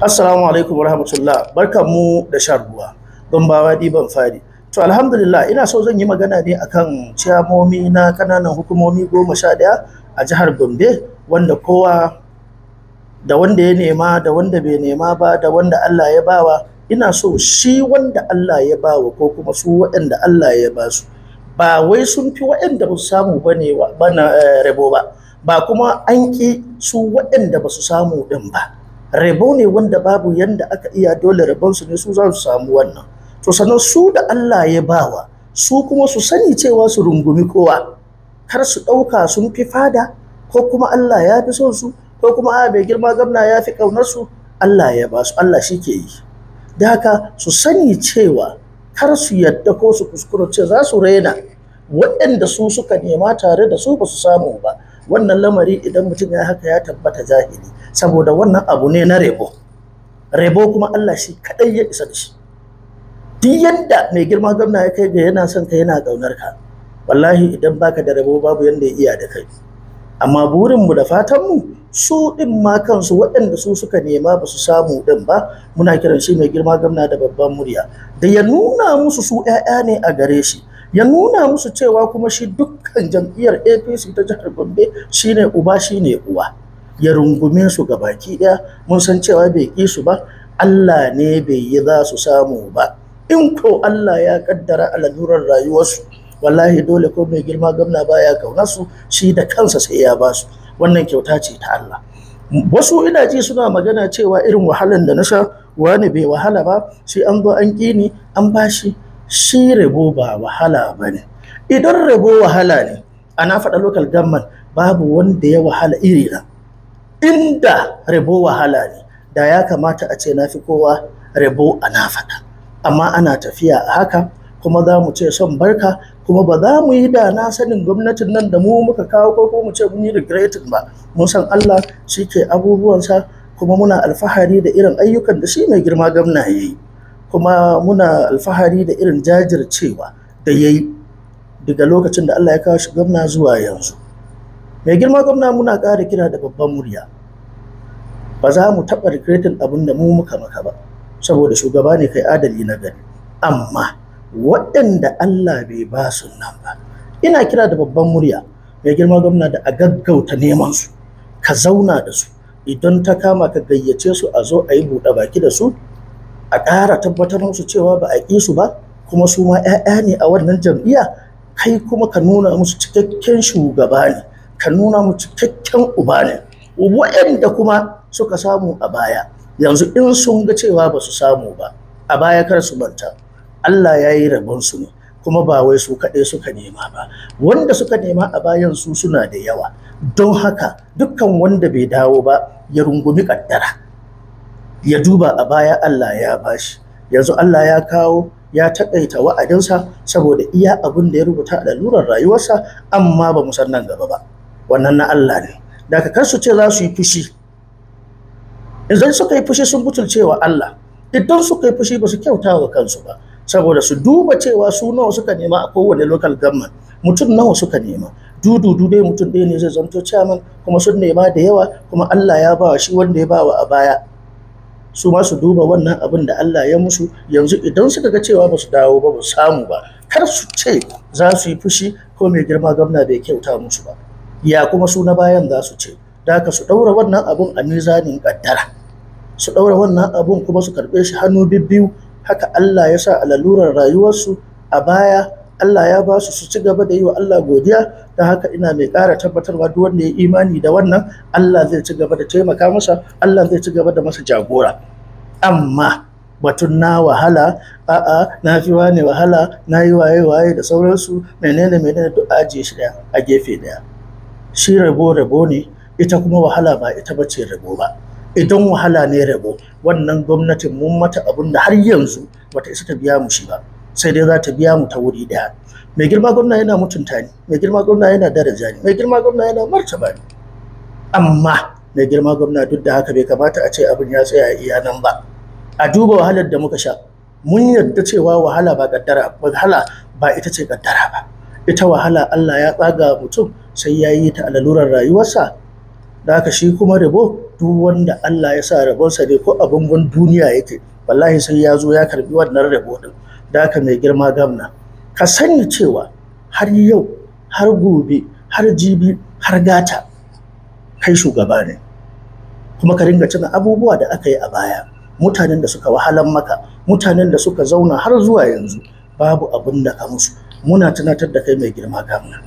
Assalamu alaikum wa rahmatullah barkan mu da shan ruwa don bawa ban fari. To alhamdulillah ina so zan yi magana ne akan ciyamomi na kananan hukumomi goma sha ɗaya a jihar Gombe wanda kowa da wanda ya nema da wanda bai nema ba da wanda Allah ya bawa ina so shi wanda Allah ya bawa ko kuma su waɗanda Allah ya ba su ba wai sun fi waɗanda ba su samu ba ne ba na eh, rabo ba ba kuma an ƙi su waɗanda ba su samu ɗin ba. rabo ne wanda babu yanda aka iya dole su ne su za su samu wannan to sannan su da Allah ya bawa su kuma su sani cewa su rungumi kowa kar su ɗauka sun fi fada ko kuma Allah ya fi son su ko kuma a ah, bai girma gamna ya fi ƙaunar su Allah ya ba su Allah shi ke yi da haka su sani cewa kar su yadda ko su kuskura ce za su raina waɗanda su suka nema tare da su ba su samu ba wannan lamari idan mutum ya haka ya tabbata jahili saboda wannan abu ne na rebo rebo kuma Allah shi kadai ya isa shi duk yanda mai girma gwamna ya kai ga yana son ka yana gaunar ka wallahi idan baka da rebo babu yanda ya iya da kai amma burin mu da fatan mu su din ma kansu waɗanda su suka nema ba su samu din ba muna kiran shi mai girma gwamna da babban murya da ya nuna musu su ƴaƴa ne a gare shi ya nuna musu cewa kuma shi dukkan jam'iyyar apc ta jihar gombe shine uba shine uwa ya rungume su ga baki ɗaya mun san cewa bai ƙi su ba allah ne bai yi za su samu ba in ko allah ya kaddara aladurar rayuwarsu wallahi dole ko mai girma gwamna baya kauna su shi da kansa sai ya ba su wannan kyauta ce ta allah wasu ina ji suna magana cewa irin wahalan da na sha wani bai wahala ba sai an zo an ƙi an bashi shi rabo ba wahala ba ne idan rabo wahala ne ana faɗa local government babu wanda ya wahala iri na inda rabo wahala ne da ya kamata a ce na fi kowa rabo ana faɗa amma ana tafiya a haka kuma za mu ce son barka kuma ba za mu yi da na sanin gwamnatin nan da mu muka kawo ko mu ce mun yi regretting ba mun san Allah shi ke abubuwansa kuma muna alfahari da irin ayyukan da shi mai girma gwamna ya yi kuma muna alfahari da irin jajircewa da ya yi daga lokacin da Allah ya kawo shi gwamna zuwa yanzu mai girma gwamna muna ƙara kira da babban murya ba za mu taɓa rikretin abin da mu muka maka ba saboda shugaba ne kai adali na gari amma waɗanda Allah bai ba su nan ba ina kira da babban murya mai girma gwamna da a gaggauta neman su ka zauna da su idan ta kama ka gayyace su a zo a yi buɗe baki da su a ƙara tabbatar musu cewa ba a ƙi su ba kuma su ma 'ya'ya ne a wannan jam'iyya kai kuma ka nuna musu cikakken shugaba ne ka nuna musu cikakken uba ne waɗanda kuma suka samu a baya yanzu in sun ga cewa ba su samu ba a baya kar su manta Allah ya yi su ne kuma ba wai su kaɗai suka nema ba wanda suka nema a bayan su suna da yawa don haka dukkan wanda bai dawo ba ya rungumi ƙaddara ya duba a baya Allah ya bashi yanzu Allah ya kawo ya takaita wa'adinsa saboda iya abin da ya rubuta a lalurar rayuwarsa amma ba san nan gaba ba wannan na Allah ne da ka su ce za su yi fushi idan suka yi fushi sun butulcewa Allah idan suka yi fushi ba su kyauta wa kansu ba saboda su duba cewa su nawa suka nema a kowane local government mutum nawa suka nema dududu dai mutum ɗaya ne zai zanto chairman kuma sun nema da yawa kuma Allah ya ba shi wanda ya ba wa a baya su ma su duba wannan abin da Allah ya musu yanzu idan suka ga cewa ba su dawo ba ba samu ba kar su ce za su yi fushi ko mai girma gwamna bai kyauta musu ba ya kuma su na bayan za su ce da ka su ɗaura wannan abun a mizanin ƙaddara su ɗaura wannan abun kuma su karɓe shi hannu bibbiyu haka Allah ya sa a lalurar rayuwarsu a baya Allah ya ba su su ci gaba da yi wa Allah godiya ta haka ina mai ƙara tabbatarwa duk wanda ya imani da wannan Allah zai ci gaba da taimaka masa Allah zai ci gaba da masa jagora amma batun na wahala a'a na fi wane wahala na yi waye waye da sauransu menene menene duk ajiye shi daya a gefe daya shi rabo rabo ne ita kuma wahala ba ita bace rabo ba idan wahala ne rabo wannan gwamnatin mun mata abun da har yanzu bata isa ta biya mu shi ba sai dai za ta biya mu ta wuri daya mai girma gwamna yana mutunta ni mai girma gwamna yana daraja ni mai girma gwamna yana martaba ni amma mai girma gwamna duk da haka bai kamata a ce abin ya tsaya iya nan ba a duba wahalar da muka sha mun yarda cewa wahala ba kaddara wahala ba ita ce kaddara ba ita wahala Allah ya tsaga mutum sai ya yi ta alalurar rayuwarsa da haka shi kuma rabo duk wanda Allah ya sa rabonsa ne ko abin duniya yake wallahi sai ya zo ya karbi wannan rabo din da aka mai girma gamna ka sani cewa har yau har gobe har jibi har gata kai shugaba ne kuma ka ringa tuna abubuwa da aka yi a baya mutanen da suka wahalan maka mutanen da suka zauna har zuwa yanzu babu abin da ka musu muna tunatar da kai mai girma gamna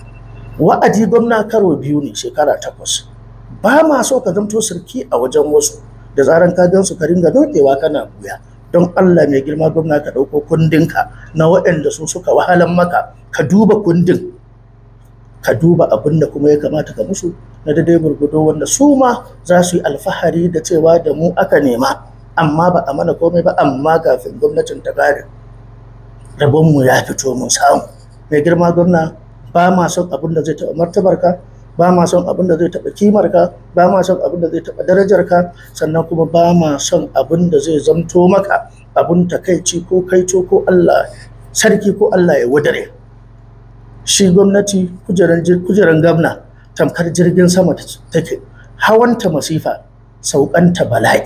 wa'adi gwamna karo biyu ne shekara takwas ba ma so ka zamto sarki a wajen wasu da zaran ka gan su ka ringa dokewa kana buya don Allah mai girma gwamna ka ɗauko kundinka na waɗanda su suka wahalan maka ka duba kundin ka duba abin da kuma ya kamata ka musu na daidai gurgudo wanda su ma za su yi alfahari da cewa da mu aka nema amma ba a mana komai ba amma kafin gwamnatin ta rabon rabonmu ya fito mu samu mai girma gwamna ba ma son abin da zai taɓa martabarka ba ma son abin da zai taɓa kimar ka ba ma son abin da zai taɓa darajar ka sannan kuma ba ma son abin da zai zamto maka abin takaici ko kaito ko Allah sarki ko Allah ya wadare shi gwamnati kujeran gwamna tamkar jirgin sama take hawanta masifa saukanta bala'i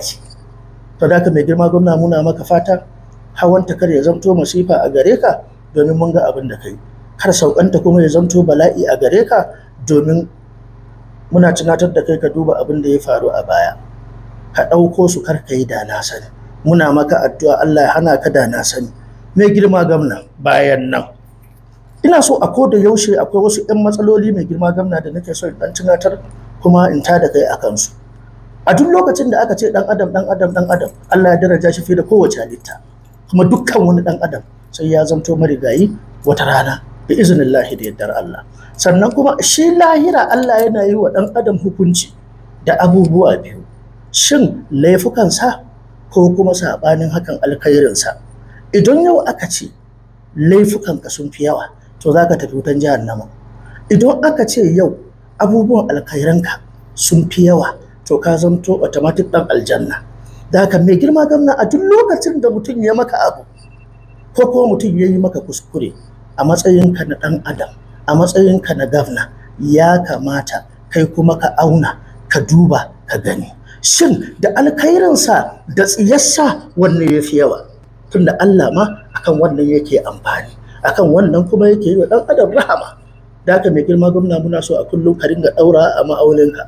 to da ka mai girma gwamna muna maka fata hawanta kar ya zamto masifa a gare ka domin mun ga abin da kai kar saukanta kuma ya zamto bala'i a gare ka domin muna tunatar da kai ka duba abin da ya faru a baya ka ɗauko su kar ka yi da na sani muna maka addu'a Allah ya hana ka da na sani mai girma gamna bayan nan ina so a ko da yaushe akwai wasu 'yan matsaloli mai girma gamna da nake so in dan tunatar kuma in ta da kai a kansu a duk lokacin da aka ce dan adam dan adam dan adam Allah ya daraja shi fiye da kowace halitta kuma dukkan wani dan adam sai ya zanto marigayi wata rana bi lahi da yardar Allah sannan kuma shi lahira Allah yana yi wa ɗan adam hukunci da abubuwa biyu shin laifukansa ko kuma saɓanin hakan alkhairinsa idan yau aka ce laifukanka sun fi yawa to za ka tafi wutan jahannama idan aka ce yau abubuwan alkhairanka sun fi yawa to ka zanto automatic ɗan aljanna da haka mai girma gamna a duk lokacin da mutum ya maka abu ko kuma mutum ya yi maka kuskure a matsayinka na ɗan adam a matsayinka na gavna ya kamata kai kuma ka auna ka duba ka gani shin da alkhairinsa da tsiyarsa wanne ya fi yawa tunda Allah ma akan wannan yake amfani akan wannan kuma yake yi wa ɗan adam rahama da ka mai girma gwamna muna so a kullum ka ringa ɗaura a ma'aulinka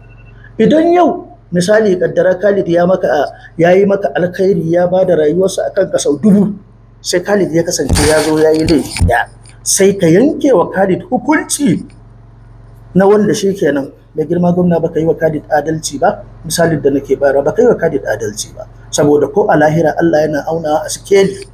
idan yau misali kaddara Khalid ya maka ya yi maka alkhairi ya ba da rayuwarsa akan ka sau dubu sai Khalid ya kasance ya zo ya yi laifi ya sai ka yanke wa Khalid hukunci na wanda shi kenan mai girma gwamna baka yi wa Khalid adalci ba misali da nake bayarwa baka yi wa Khalid adalci ba saboda ko a lahira Allah yana auna a sikeli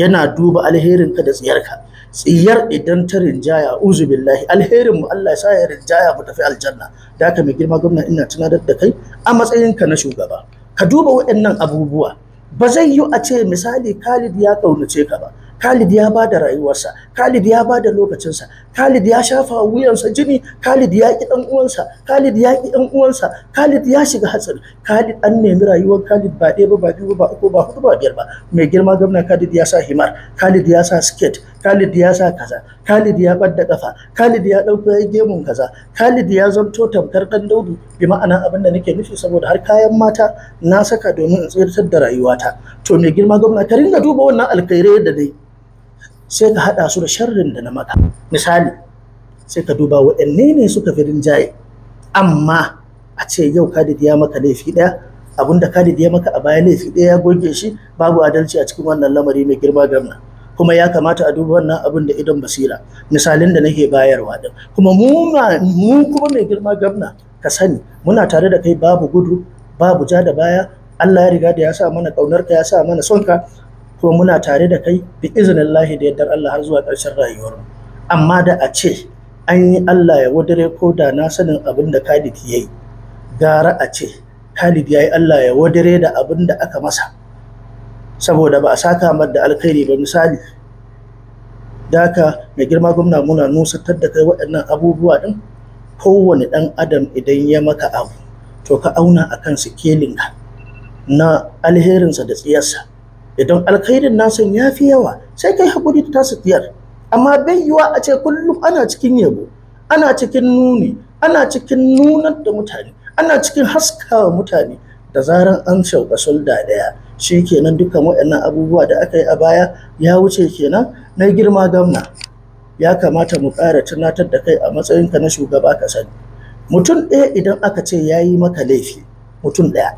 yana duba alherin ka da tsiyarka tsiyar idan ta rinjaya uzu billahi alherin mu Allah ya sa ya rinjaya mu tafi aljanna da ka mai girma gwamna ina tunadar da kai a matsayin ka na shugaba ka duba waɗannan abubuwa ba zai yi a ce misali Khalid ya kaunace ka ba Khalid ya ba da rayuwarsa Khalid ya ba da lokacinsa Khalid ya shafa wuyansa jini Khalid ya ki dan uwansa Khalid ya ki dan uwansa Khalid ya shiga hatsari Khalid an nemi rayuwar Khalid ba ɗaya ba ba biyu ba uku ba hudu ba biyar ba mai girma gwamna Khalid ya sa himar Khalid ya sa skate Khalid ya sa kaza Khalid ya badda kafa Khalid ya dauko ya gemun kaza Khalid ya zamto tamkar dan daudu bi ma'ana abin da nake nufi saboda har kayan mata na saka domin in tsirtar da rayuwata to mai girma gwamna ka ringa duba wannan alkhairai da dai sai ka haɗa su da sharrin da na maka misali sai ka duba waɗanne ne suka fi rinjaye amma a ce yau kadid ya maka laifi ɗaya da kadid ya maka a baya laifi ɗaya ya goge shi babu adalci a cikin wannan lamari mai girma gamna kuma ya kamata a duba wannan abin da idon basira misalin da nake bayarwa din kuma mu mu kuma mai girma gamna ka sani muna tare da kai babu gudu babu ja da baya Allah ya riga da ya sa mana kaunar ka ya sa mana sonka. Kuma muna tare da kai bi izinin lahi da yaddar Allah har zuwa ƙarshen rayuwar amma da a ce an yi Allah ya wadare ko da na sanin abin da Khalid ya yi gara a ce Khalid ya yi Allah ya wadare da abin da aka masa saboda ba a saka mar da alkhairi ba misali daka mai girma gwamna muna nusantar da kai waɗannan abubuwa ɗin kowane ɗan adam idan ya maka abu to ka auna a kan sikelinka na alherinsa da tsiyarsa idan alkhairin nasan ya fi yawa sai kai hakuri ta tasu tiyar amma bai yiwa a ce kullum ana cikin yabo ana cikin nuni ana cikin nunar da mutane ana cikin haskawa mutane da zaran an shauka sulda ɗaya shi kenan dukkan waɗannan abubuwa da aka yi a baya ya wuce kenan na girma gamna ya kamata mu ƙara tunatar da kai a matsayinka na shugaba ka sani mutum ɗaya idan aka ce ya yi maka laifi mutum ɗaya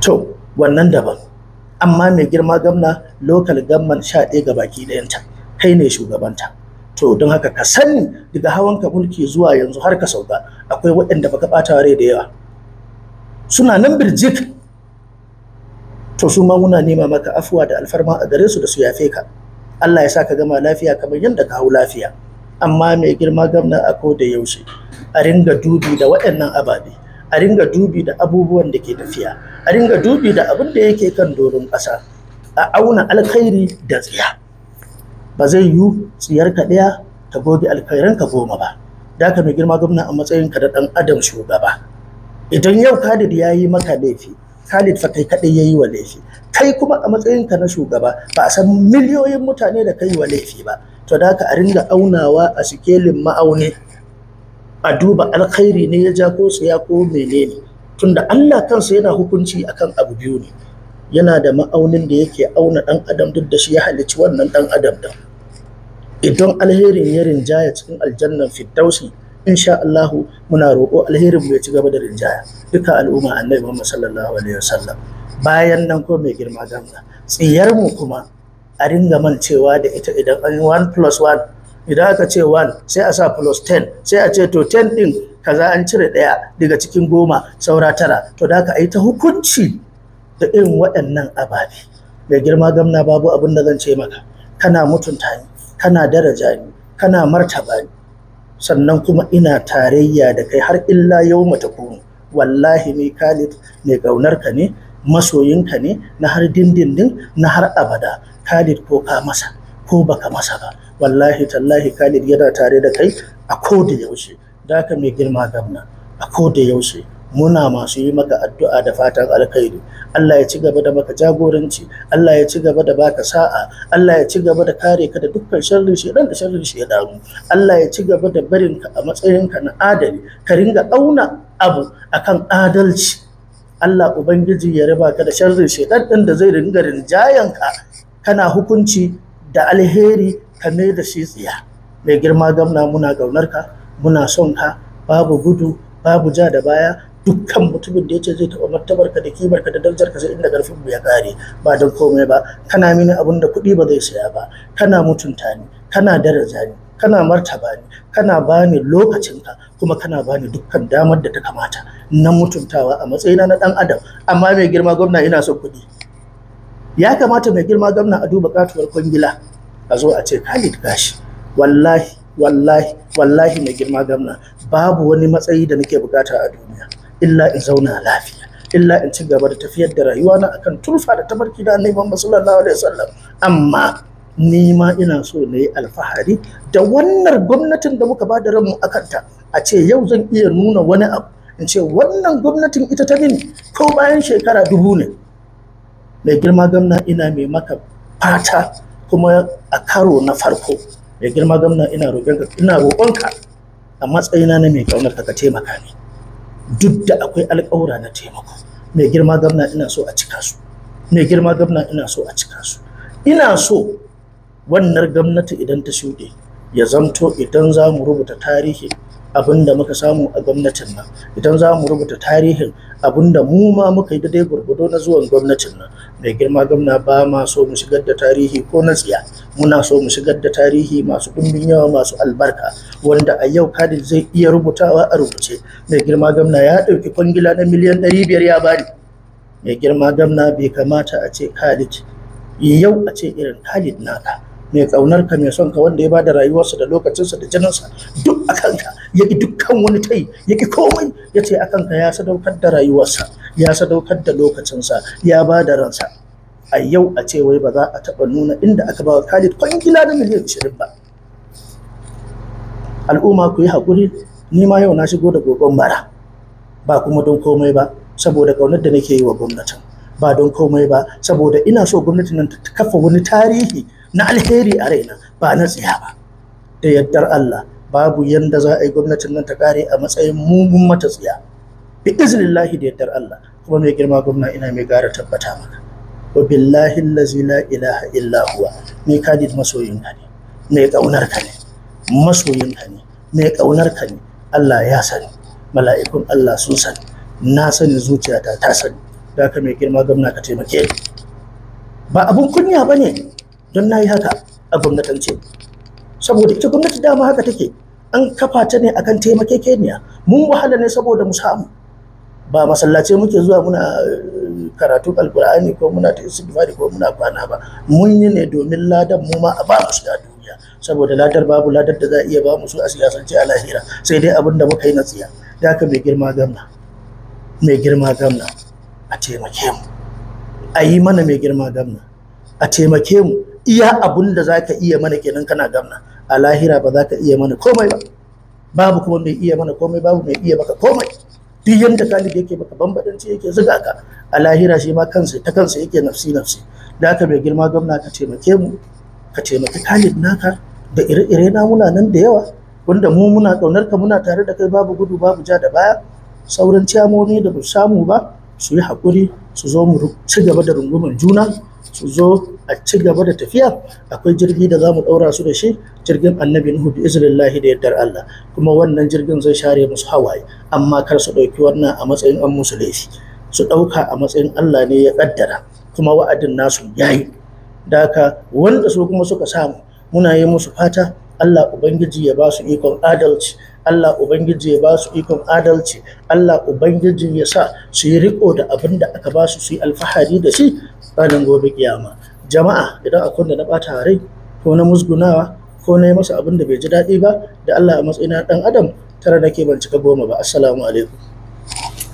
to wannan daban amma mai girma gamna local gamman sha ɗaya ga baki ɗayanta kai ne shugabanta to don haka ka sani daga hawan ka mulki zuwa yanzu har ka sauka akwai waɗanda baka ɓata rai da yawa suna nan birjik to su ma muna nema maka afuwa da alfarma a gare su da su yafe ka Allah ya sa ka gama lafiya kamar yadda ka hau lafiya amma mai girma gamna a ko da yaushe a ringa dubi da waɗannan ababe a ringa dubi da abubuwan da ke tafiya a ringa dubi da abin da yake kan doron ƙasa a auna alkhairi da tsiya ba zai yiwu tsiyarka ɗaya ta gobe alkhairanka goma ba da ka mai girma gwamna a matsayinka da ɗan adam shugaba idan yau khalid ya yi maka laifi khalid fa kai kaɗai ya yi wa laifi kai kuma a matsayinka na shugaba ba a san miliyoyin mutane da kai wa laifi ba to da ka a ringa aunawa a sikelin ma'auni a duba alkhairi ne ya ja ko tsaya ko menene tunda Allah kansa yana hukunci akan abu biyu ne yana da ma'aunin da yake auna dan adam duk da shi ya halicci wannan dan adam da idan alherin ya rinjaya cikin aljannan firdausi insha Allah muna roƙo alherin mu ya ci gaba da rinjaya duka al'umma annabi Muhammad sallallahu alaihi wasallam bayan nan ko mai girma ganga. tsiyar mu kuma a ringa mancewa da ita idan an 1 plus 1 idan aka ce 1 sai a sa plus 10 sai a ce to 10 din kaza an cire daya daga cikin goma saura tara to da aka yi ta hukunci da irin waɗannan ababe mai girma gamna babu abin da zan ce maka kana mutunta ni kana daraja ni kana martaba ni sannan kuma ina tarayya da kai har illa yau mata kunu wallahi ni Khalid mai gaunarka ne masoyinka ne na har dindindin na har abada Khalid ko ka masa ko baka masa ba wallahi tallahi Khalid yana tare da kai a koda yaushe da ka mai girma gamna a koda yaushe muna masu yi maka addu'a da fatan alkhairi Allah ya ci gaba da maka jagoranci Allah ya ci gaba da baka sa'a Allah ya ci gaba da kare ka da dukkan sharrin shedan da sharrin shi ya damu. Allah ya ci gaba da barin ka a matsayin ka na adali ka ringa auna abu akan adalci Allah ubangiji ya raba ka da sharrin shi da zai ringa rinjayan ka kana hukunci da alheri ka mai da shi tsiya mai girma gamna muna gaunar ka muna son ka babu gudu babu ja da baya dukkan mutumin da ya ce zai taɓa martabar ka da kimar ka da daljar ka sai inda garfin mu ya kare ba don komai ba kana mini abin da kuɗi ba zai saya ba kana mutunta ni kana daraja ni kana martaba ni kana bani lokacinka kuma kana bani dukkan damar da ta kamata na mutuntawa a matsayina na dan adam amma mai girma gwamna ina son kuɗi ya kamata mai girma gwamna a duba katuwar kwangila a zo a ce Khalid gashi wallahi wallahi wallahi mai girma gamna babu wani matsayi da nake bukata a duniya illa in zauna lafiya illa in ci gaba da tafiyar da rayuwa na akan turfa da tabarki da annabi Muhammad sallallahu alaihi wasallam amma ni ma ina so na yi alfahari da wannan gwamnatin da muka bada ranmu a kanta a ce yau zan iya nuna wani abu in ce wannan gwamnatin ita ta mini ko bayan shekara dubu ne mai girma gamna ina mai maka fata kuma a karo na farko mai girma gamna ina roƙonka ina roƙonka a matsayina na mai ƙaunarka ka taimaka ni duk da akwai alƙawura na taimako mai girma gamna ina so a cika su mai girma gamna ina so a cika su ina so wannan gwamnati idan ta shuɗe ya zamto idan zamu rubuta tarihi abin da muka samu a gwamnatin nan idan za mu rubuta tarihin abin da mu ma muka yi daidai gurgudo na zuwan gwamnatin nan mai girma gwamna ba ma so mu shigar da tarihi ko na tsiya muna so mu shigar da tarihi masu kumbin yawa masu albarka wanda a yau kadin zai iya rubutawa a rubuce mai girma gwamna ya ɗauki kwangila na miliyan ɗari biyar ya bani mai girma gwamna bai kamata a ce khalid yau a ce irin khalid naka mai kaunar ka mai son ka wanda ya bada rayuwarsa da lokacinsa da jininsa duk akan kanka ya ki dukkan wani tai ya ki komai ya ce akanka ya sadaukar da rayuwarsa ya sadaukar da lokacinsa ya bada ransa a yau a ce wai ba za a taɓa nuna inda aka ba Khalid kwangila da miliyan ashirin ba al'umma ku yi haƙuri ni ma yau na shigo da gogon bara. ba kuma don komai ba saboda ƙaunar da nake yi wa gwamnatin ba don komai ba saboda ina so gwamnatin nan ta kafa wani tarihi na alheri a raina ba na tsiya ba da yardar Allah babu yanda za a yi gwamnatin nan ta kare a matsayin mugun mata tsiya bi iznillahi da yardar Allah kuma mai girma gwamna ina mai gara tabbata mana wa billahi allazi la ilaha illa huwa mai kadid masoyin ka ne mai kaunar ka ne masoyin ka ne mai kaunar ka ne Allah ya sani mala'ikun Allah sun sani na sani zuciyata ta sani da ka mai girma gwamna ka taimake ba abun kunya bane don na yi haka a gwamnatance saboda ita gwamnati dama haka take an kafa ta ne akan taimakekeniya mun wahala ne saboda mu samu ba masallace muke zuwa muna eh, karatu alkur'ani ko muna ta istighfari ko muna kwana ba mun yi ne domin ladan mu ma a ba mu shiga duniya saboda ladar babu ladar da za a iya ba mu su a siyasance a lahira sai dai abin da muka yi na tsiya da haka mai girma gamna mai girma gamna a taimake mu a yi mana mai girma gamna a taimake mu iya abun da zaka iya mana kenan kana gamna a lahira ba zaka iya mana komai ba babu kuma mai iya mana komai babu mai iya maka komai duk yanda talib yake maka bambadanci yake zuga ka a lahira shi ma kansa ta kansa yake nafsi nafsi da ka mai girma gamna ka taimake mu ka taimaki talib naka da ire-ire na muna nan da yawa wanda mu muna kaunar ka muna tare da kai babu gudu babu ja da baya sauran ciyamomi da ba samu ba su yi haƙuri su zo mu ci gaba da rungumar juna su zo a ci gaba da tafiya akwai jirgi da za mu ɗaura su da shi jirgin annabi nuhu bi iznillahi da yardar Allah kuma wannan jirgin zai share musu hawaye amma kar su ɗauki wannan a matsayin an musu laifi su ɗauka a matsayin Allah ne ya ƙaddara kuma wa'adin nasu yayi daka wanda su kuma suka samu muna yi musu fata Allah Ubangiji ya ba su ikon adalci Allah Ubangiji ya ba su ikon adalci Allah Ubangiji ya sa su yi riko da abinda aka ba su su yi alfahari da shi ranar gobe kiyama jama'a idan akwai da na bata rai ko na musgunawa ko na yi masa abin da bai ji daɗi ba da Allah a matsayina ɗan adam tare nake ban cika goma ba assalamu alaikum